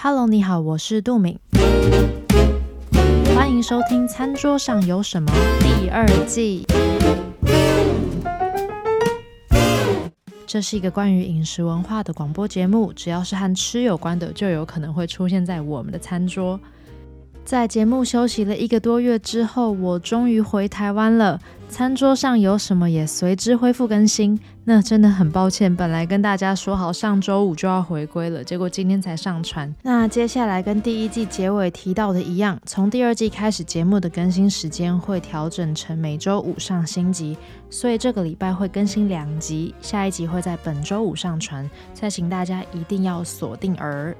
Hello，你好，我是杜敏，歡迎收聽《餐桌上有什麼》第二季。這是一個關於飲食文化的廣播節目，只要是和吃有關的，就有可能會出現在我們的餐桌。在節目休息了一個多月之後，我終於回台灣了。餐桌上有什麼也隨之恢復更新。那真的很抱歉，本來跟大家說好上周五就要回歸了，結果今天才上傳。那接下來跟第一季結尾提到的一樣，從第二季開始，節目的更新時間會調整成每周五上新集，所以這個禮拜會更新兩集，下一集會在本周五上傳。再請大家一定要鎖定耳。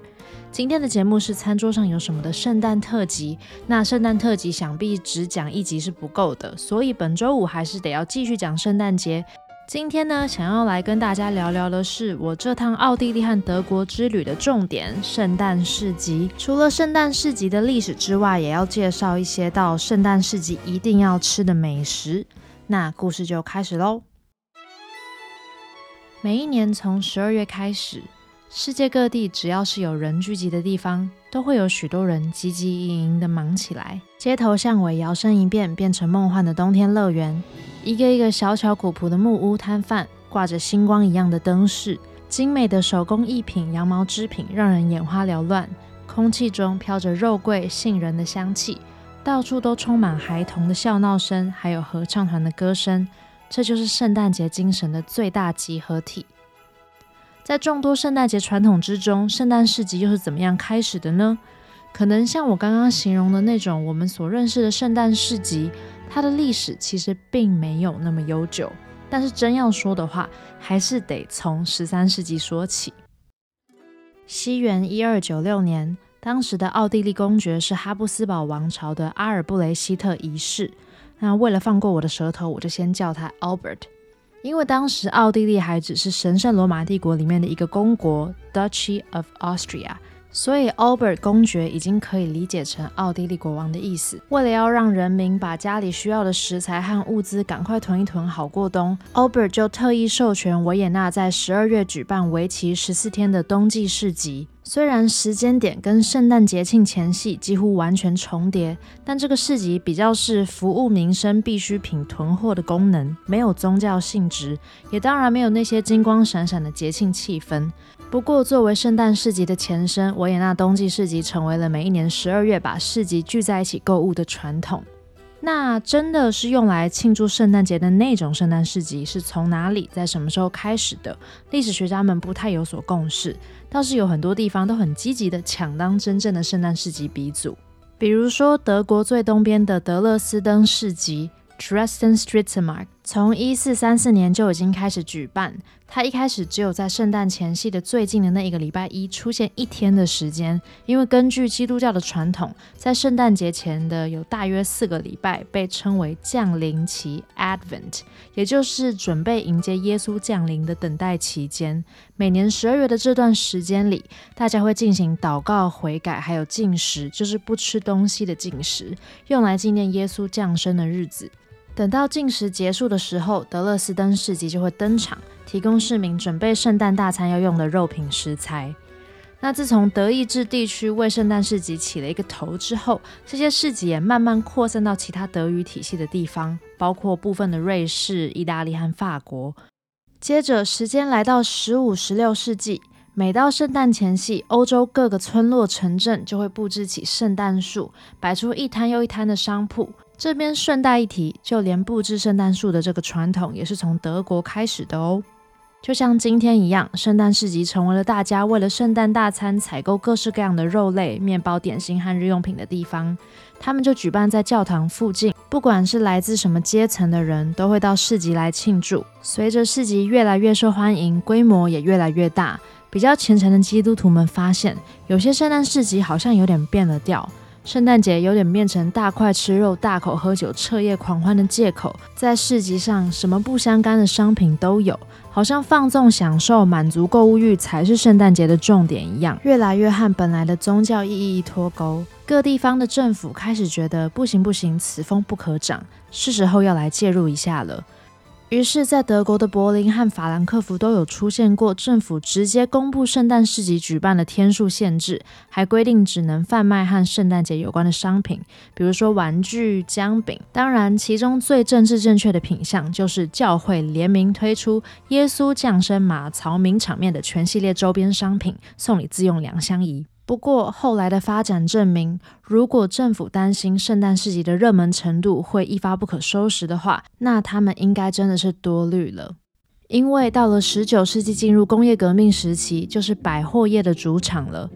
今天的節目是餐桌上有什麼的聖誕特輯。那聖誕特輯想必只講一集是不夠的，所以本周五還是得要繼續講聖誕節。今天呢，想要來跟大家聊聊的是我這趟奧地利和德國之旅的重點——聖誕市集。除了聖誕市集的歷史之外，也要介紹一些到聖誕市集一定要吃的美食。那故事就開始嘍。每一年從十二月開始。世界各地，只要是有人聚集的地方，都會有許多人汲汲營營的忙起來。街頭巷尾搖身一變，變成夢幻的冬天樂園。一個一個小巧古樸的木屋攤販，掛着星光一樣的燈飾，精美的手工藝品、羊毛織品讓人眼花繚亂。空氣中飄着肉桂、杏仁的香氣，到處都充滿孩童的笑鬧聲，還有合唱團的歌聲。這就是聖誕節精神的最大集合體。在眾多聖誕節傳統之中，聖誕市集又是怎麼樣開始的呢？可能像我剛剛形容的那種我們所認識的聖誕市集，它的歷史其實並沒有那麼悠久。但是真要說的話，還是得從十三世紀說起。西元一二九六年，當時的奧地利公爵是哈布斯堡王朝的阿爾布雷希特一世。那為了放過我的舌頭，我就先叫他 Albert。因為當時奧地利還只是神聖羅馬帝國裡面的一個公國 （Duchy of Austria），所以 Albert 公爵已經可以理解成奧地利國王的意思。為了要讓人民把家裡需要的食材和物資趕快囤一囤，好過冬，Albert 就特意授權維也納在十二月舉辦為期十四天的冬季市集。雖然時間點跟聖誕節慶前夕幾乎完全重疊，但這個市集比較是服務民生必需品囤貨的功能，沒有宗教性質，也當然沒有那些金光閃閃的節慶氣氛。不過，作為聖誕市集的前身，維也納冬季市集成為了每一年十二月把市集聚在一起購物的傳統。那真的是用來慶祝聖誕節的那種聖誕市集是從哪裡，在什麼時候開始的？歷史學家們不太有所共識，倒是有很多地方都很積極的搶當真正的聖誕市集鼻祖，比如說德國最東邊的德勒斯登市集 （Dresden s t r i e e t m a r k 從一四三四年就已經開始舉辦。它一開始只有在聖誕前夕的最近的那一個禮拜一出現一天的時間，因為根據基督教的傳統，在聖誕節前的有大約四個禮拜被稱為降臨期 （Advent），也就是準備迎接耶穌降臨的等待期間。每年十二月的這段時間裡，大家會進行禱告、悔改，還有禁食，就是不吃東西的禁食，用來紀念耶穌降生的日子。等到禁食結束的時候，德勒斯登市集就會登場，提供市民準備聖誕大餐要用的肉品食材。那自從德意志地區為聖誕市集起了一個頭之後，這些市集也慢慢擴散到其他德語體系的地方，包括部分的瑞士、意大利和法國。接着，時間來到十五、十六世紀，每到聖誕前夕，歐洲各個村落、城鎮就會布置起聖誕樹，擺出一攤又一攤的商鋪。這邊順帶一提，就連布置聖誕樹的這個傳統也是從德國開始的哦。就像今天一樣，聖誕市集成為了大家為了聖誕大餐採購各式各樣的肉類、麵包、點心和日用品的地方。他們就舉辦在教堂附近，不管是來自什麼階層的人，都會到市集來慶祝。隨着市集越來越受歡迎，規模也越來越大。比較虔誠的基督徒們發現，有些聖誕市集好像有點變了調。聖誕節有點變成大塊吃肉、大口喝酒、徹夜狂歡的借口。在市集上，什麼不相干的商品都有，好像放縱享受、滿足購物慾才是聖誕節的重點一樣，越來越和本來的宗教意義脫鈎。各地方的政府開始覺得不行不行，此風不可長，是時候要來介入一下了。於是，在德國的柏林和法蘭克福都有出現過，政府直接公布聖誕市集舉辦的天數限制，還規定只能販賣和聖誕節有關的商品，比如說玩具、薑餅。當然，其中最政治正確的品項，就是教會聯名推出耶穌降生馬槽名場面的全系列周邊商品，送禮自用兩相宜。不過後來的發展證明，如果政府擔心聖誕市集的熱門程度會一發不可收拾的話，那他們應該真的是多慮了。因為到了十九世紀進入工業革命時期，就是百貨業的主場了。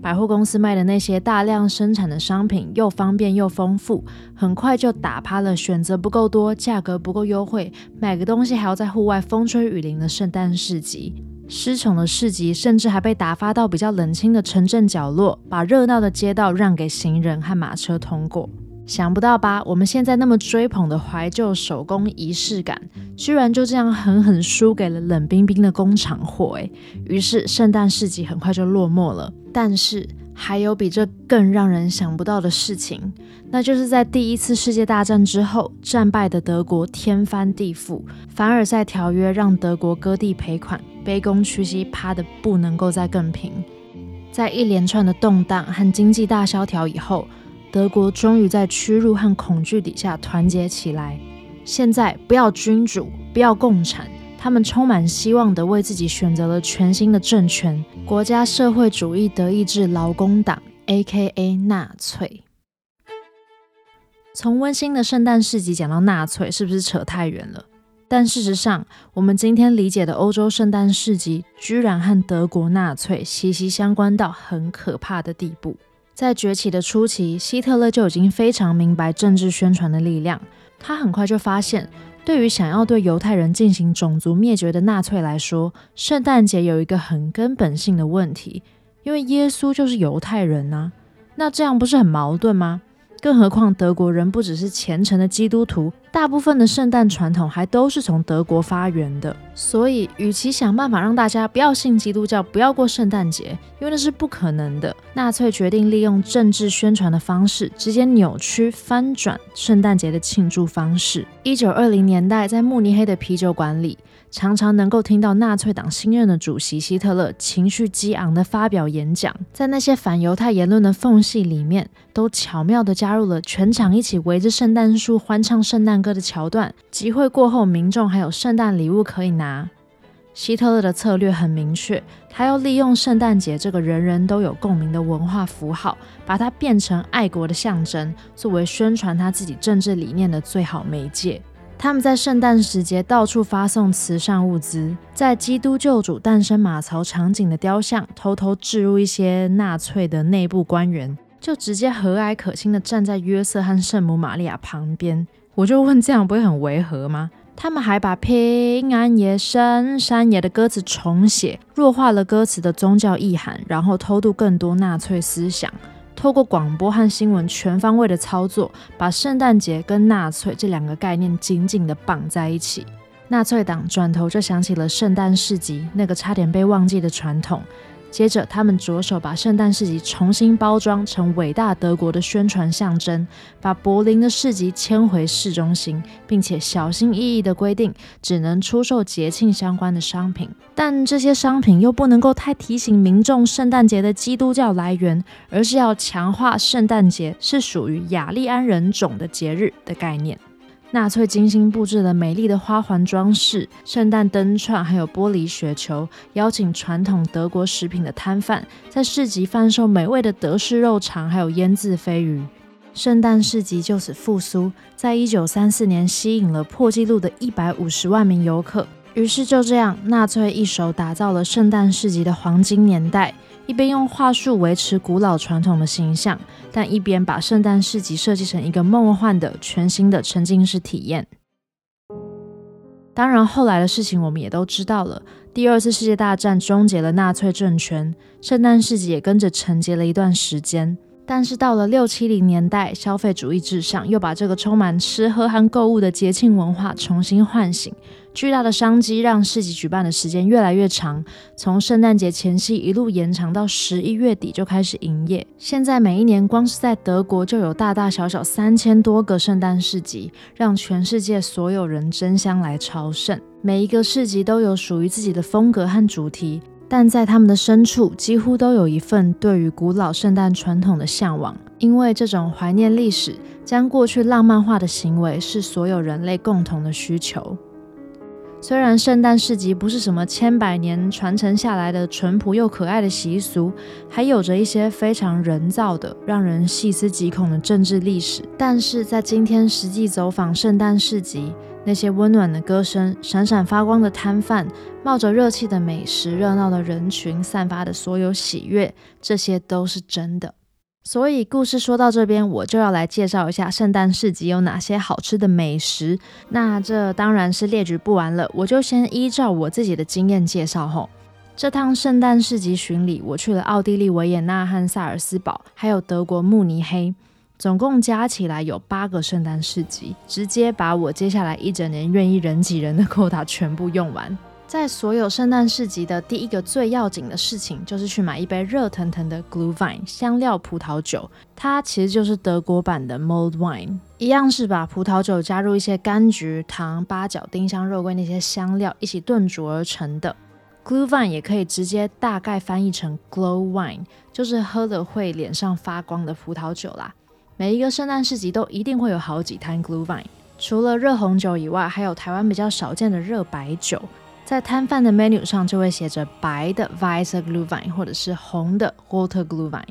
百貨公司賣的那些大量生產的商品，又方便又豐富，很快就打趴了選擇不夠多、價格不夠優惠、買個東西還要在戶外風吹雨淋的聖誕市集。失寵的市集，甚至還被打發到比較冷清的城鎮角落，把熱鬧的街道讓給行人和馬車通過。想不到吧？我們現在那麼追捧的懷舊手工儀式感，居然就這樣狠狠輸給了冷冰冰的工廠貨。欸。誒，於是聖誕市集很快就落寞了。但是還有比這更讓人想不到的事情，那就是在第一次世界大戰之後，戰敗的德國天翻地覆，凡爾賽條約讓德國割地賠款。卑躬屈膝，趴的不能夠再更平。在一連串的動盪和經濟大蕭條以後，德國終於在屈辱和恐懼底下團結起來。現在不要君主，不要共產，他們充滿希望的為自己選擇了全新的政權——國家社會主義德意志勞工黨 （AKA 納粹）。從溫馨的聖誕市集講到納粹，是不是扯太遠了？但事實上，我們今天理解的歐洲聖誕市集，居然和德國納粹息息相關到很可怕的地步。在崛起的初期，希特勒就已經非常明白政治宣傳的力量。他很快就發現，對於想要對猶太人進行種族滅絕的納粹來說，聖誕節有一個很根本性的問題，因為耶穌就是猶太人吶。那這樣不是很矛盾嗎？更何況德國人不只是虔誠的基督徒。大部分的聖誕傳統還都是從德國發源的，所以，與其想辦法讓大家不要信基督教、不要過聖誕節，因為那是不可能的，納粹決定利用政治宣傳的方式，直接扭曲、翻轉聖誕節的慶祝方式。一九二零年代，在慕尼黑的啤酒館裡，常常能夠聽到納粹黨新任的主席希特勒情緒激昂的發表演講，在那些反猶太言論的縫隙裡面，都巧妙地加入了全場一起圍着聖誕樹歡唱聖誕歌的橋段，集會過後，民眾還有聖誕禮物可以拿。希特勒的策略很明確，他要利用聖誕節這個人人都有共鳴的文化符號，把它變成愛國的象徵，作為宣傳他自己政治理念的最好媒介。他們在聖誕時節到處發送慈善物資，在基督救主誕生馬槽場景的雕像偷偷置入一些納粹的內部官員，就直接和藹可親的站在約瑟和聖母瑪利亞旁邊。我就問，這樣不會很違和嗎？他們還把平安夜聖善夜的歌詞重寫，弱化了歌詞的宗教意涵，然後偷渡更多納粹思想。透過廣播和新聞全方位的操作，把聖誕節跟納粹這兩個概念緊緊的綁在一起。納粹黨轉頭就想起了聖誕市集，那個差點被忘記的傳統。接着，他們着手把聖誕市集重新包裝成偉大德國的宣傳象徵，把柏林的市集遷回市中心，並且小心翼翼的規定，只能出售節慶相關的商品，但這些商品又不能夠太提醒民眾聖誕節的基督教來源，而是要強化聖誕節是屬於雅利安人種的節日的概念。納粹精心佈置了美麗的花環裝飾、聖誕燈串，還有玻璃雪球，邀請傳統德國食品的攤販在市集販售美味的德式肉腸，還有醃制鯡魚。聖誕市集就此復甦，在一九三四年吸引了破紀錄的一百五十萬名遊客。於是就這樣，納粹一手打造了聖誕市集的黃金年代。一邊用話術維持古老傳統的形象，但一邊把聖誕市集設計成一個夢幻的、全新的沉浸式體驗。當然，後來的事情我們也都知道了，第二次世界大戰終結了納粹政權，聖誕市集也跟着沉寂了一段時間。但是到了六七零年代，消費主義至上，又把這個充滿吃喝和購物的節慶文化重新喚醒。巨大的商機讓市集舉辦的時間越來越長，從聖誕節前夕一路延長到十一月底就開始營業。現在每一年光是在德國就有大大小小三千多個聖誕市集，讓全世界所有人爭相來朝聖。每一個市集都有屬於自己的風格和主題。但在他們的深處，幾乎都有一份對於古老聖誕傳統的嚮往，因為這種懷念歷史、將過去浪漫化的行為是所有人類共同的需求。雖然聖誕市集不是什麼千百年傳承下來的淳樸又可愛的習俗，還有着一些非常人造的、讓人細思極恐的政治歷史，但是在今天實際走訪聖誕市集。那些溫暖的歌聲、閃閃發光的攤販、冒着熱氣的美食、熱鬧的人群散發的所有喜悅，這些都是真的。所以故事說到這邊，我就要來介紹一下聖誕市集有哪些好吃的美食。那這當然是列舉不完了，我就先依照我自己的經驗介紹。吼，這趟聖誕市集巡禮，我去了奧地利維也納和薩爾斯堡，還有德國慕尼黑。總共加起來有八個聖誕市集，直接把我接下來一整年願意人擠人的 quota 全部用完。在所有聖誕市集的第一個最要緊的事情，就是去買一杯熱騰騰的 Glühwein 香料葡萄酒，它其實就是德國版的 mulled wine，一樣是把葡萄酒加入一些柑橘、糖、八角、丁香、肉桂那些香料一起燉煮而成的。Glühwein 也可以直接大概翻譯成 Glow Wine，就是喝了會臉上發光的葡萄酒啦。每一個聖誕市集都一定會有好幾攤 Glühwein，除了熱紅酒以外，還有台灣比較少見的熱白酒，在攤販的 menu 上就會寫着白的 Weißer Glühwein，或者是紅的 Roter Glühwein。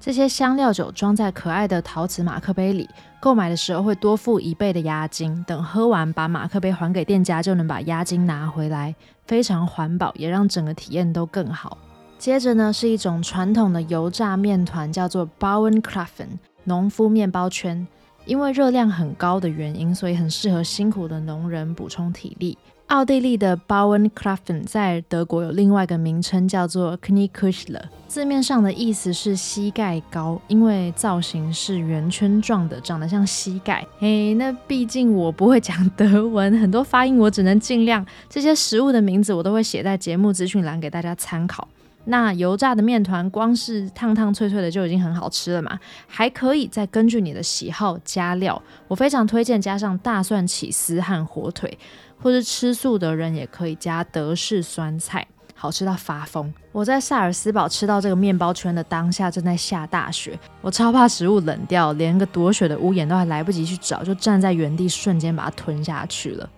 這些香料酒裝在可愛的陶瓷馬克杯裡，購買的時候會多付一倍的押金，等喝完把馬克杯還給店家就能把押金拿回來，非常環保，也讓整個體驗都更好。接着呢，是一種傳統的油炸麵團，叫做 Bauernkrapfen 農夫麵包圈，因為熱量很高的原因，所以很適合辛苦的農人補充體力。奧地利的 Bauernkrapfen 在德國有另外一個名稱，叫做 Knieküchle，字面上的意思是膝蓋高，因為造型是圓圈狀的，長得像膝蓋。嘿、hey,，那畢竟我不會講德文，很多發音我只能盡量。這些食物的名字我都會寫在節目資訊欄，給大家參考。那油炸的麵糰光是燙燙脆脆的就已經很好吃了嘛，還可以再根據你的喜好加料。我非常推薦加上大蒜起司和火腿，或是吃素的人也可以加德式酸菜，好吃到發瘋。我在薩爾斯堡吃到這個麵包圈的當下正在下大雪，我超怕食物冷掉，連個躲雪的屋檐都還來不及去找，就站在原地瞬間把它吞下去了。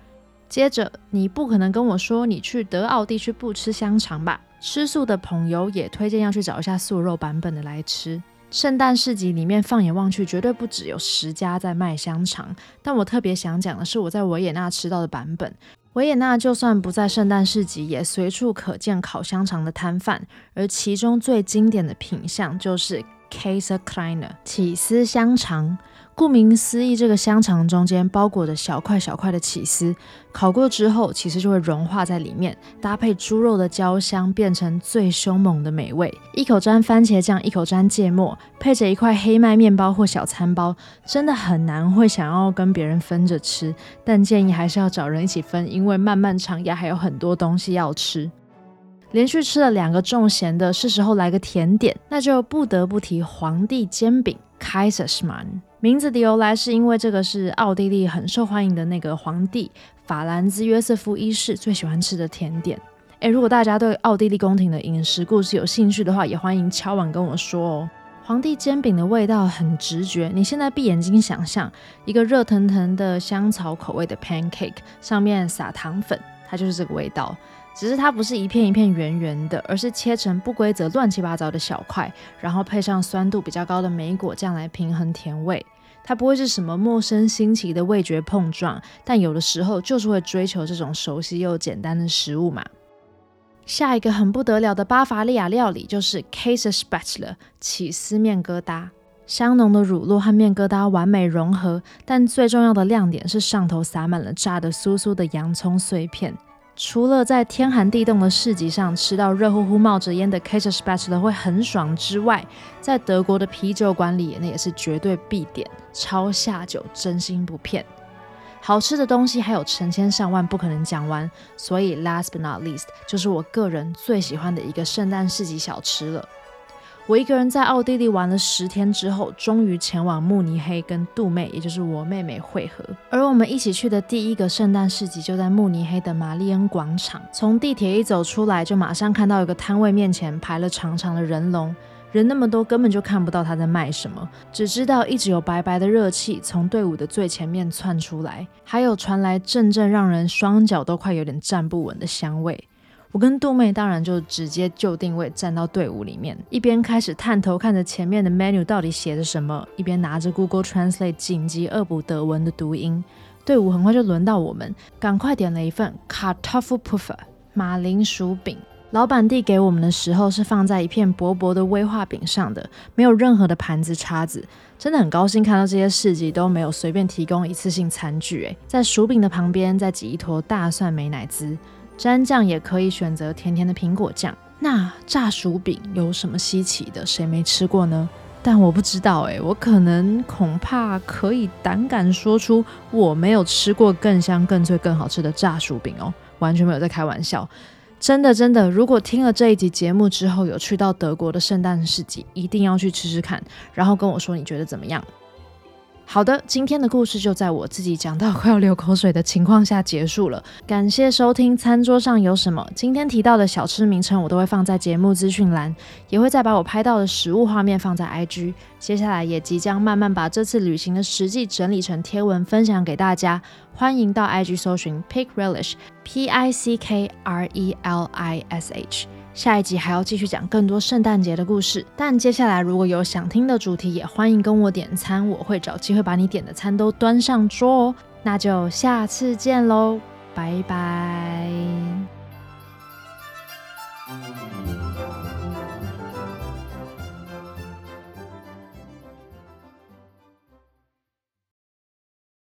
接着你不可能跟我說你去德奧地區不吃香腸吧？吃素的朋友也推薦要去找一下素肉版本的來吃。聖誕市集裡面放眼望去，絕對不只有十家在賣香腸。但我特別想講的是我在維也納吃到的版本。維也納就算不在聖誕市集，也隨處可見烤香腸的攤販，而其中最經典的品項就是 Käsekrainer 起司香腸。顧名思義，這個香腸中間包裹着小塊小塊的起司，烤過之後其實就會融化在裡面，搭配豬肉的焦香，變成最凶猛的美味。一口沾番茄醬，一口沾芥末，配着一塊黑麥麵包或小餐包，真的很難會想要跟別人分着吃。但建議還是要找人一起分，因為漫漫長夜還有很多東西要吃。連續吃了兩個重鹹的，是時候來個甜點，那就不得不提皇帝煎餅 k a i s e r s c h e d，名字的由來是因為這個是奧地利很受歡迎的那個皇帝法蘭茲約瑟夫一世最喜歡吃的甜點誒。如果大家對奧地利宮廷的飲食故事有興趣的話，也歡迎敲碗跟我說哦。皇帝煎餅的味道很直覺，你現在閉眼睛想象一個熱騰騰的香草口味的 pancake，上面撒糖粉，它就是這個味道。只是它不是一片一片圓圓的，而是切成不規則、亂七八糟的小塊，然後配上酸度比較高的梅果醬來平衡甜味。它不會是什麼陌生新奇的味覺碰撞，但有的時候就是會追求這種熟悉又簡單的食物嘛。下一個很不得了的巴伐利亞料理就是 k a s e s p a t e l e 起司面疙瘩），香濃的乳酪和面疙瘩完美融合，但最重要的亮點是上頭撒滿了炸的酥酥的洋蔥碎片。除了在天寒地凍的市集上吃到熱乎乎冒着煙的 Käsespätzle 會很爽之外，在德國的啤酒館裡那也是絕對必點，超下酒，真心不騙。好吃的東西還有成千上萬，不可能講完，所以 last but not least 就是我個人最喜歡的一個聖誕市集小吃了。我一個人在奧地利玩了十天之後，終於前往慕尼黑跟杜妹，也就是我妹妹會合。而我們一起去的第一個聖誕市集就在慕尼黑的瑪麗恩廣場。從地鐵一走出來，就馬上看到有個攤位面前排了長長的人龍，人那麼多，根本就看不到他在賣什麼，只知道一直有白白的熱氣從隊伍的最前面竄出來，還有傳來陣陣讓人雙腳都快有點站不穩的香味。我跟杜妹當然就直接就定位站到隊伍裡面，一邊開始探頭看着前面的 menu 到底寫着什麼，一邊拿着 Google Translate 緊急惡補德文的讀音。隊伍很快就輪到我們，趕快點了一份 Kartoffelpuffer 馬鈴薯餅。老板遞給我們的時候是放在一片薄薄的威化餅上的，沒有任何的盤子叉子。真的很高興看到這些市集都沒有隨便提供一次性餐具。哎，在薯餅的旁邊再擠一坨大蒜美乃滋。蘸醬也可以選擇甜甜的蘋果醬。那炸薯餅有什麼稀奇的？誰沒吃過呢？但我不知道誒、欸，我可能恐怕可以膽敢說出我沒有吃過更香、更脆、更好吃的炸薯餅哦、喔，完全沒有在開玩笑，真的真的。如果聽了這一集節目之後有去到德國的聖誕市集，一定要去吃吃看，然後跟我說你覺得怎麼樣。好的，今天的故事就在我自己講到快要流口水的情況下結束了。感謝收聽《餐桌上有什麼》。今天提到的小吃名稱，我都會放在節目資訊欄，也會再把我拍到的食物畫面放在 IG。接下來也即將慢慢把這次旅行的實際整理成貼文分享給大家。歡迎到 IG 搜尋 Pick Relish，P I C K R E L I S H。下一集還要繼續講更多聖誕節的故事，但接下來如果有想聽的主題，也歡迎跟我點餐，我會找機會把你點的餐都端上桌哦。那就下次見嘍，拜拜。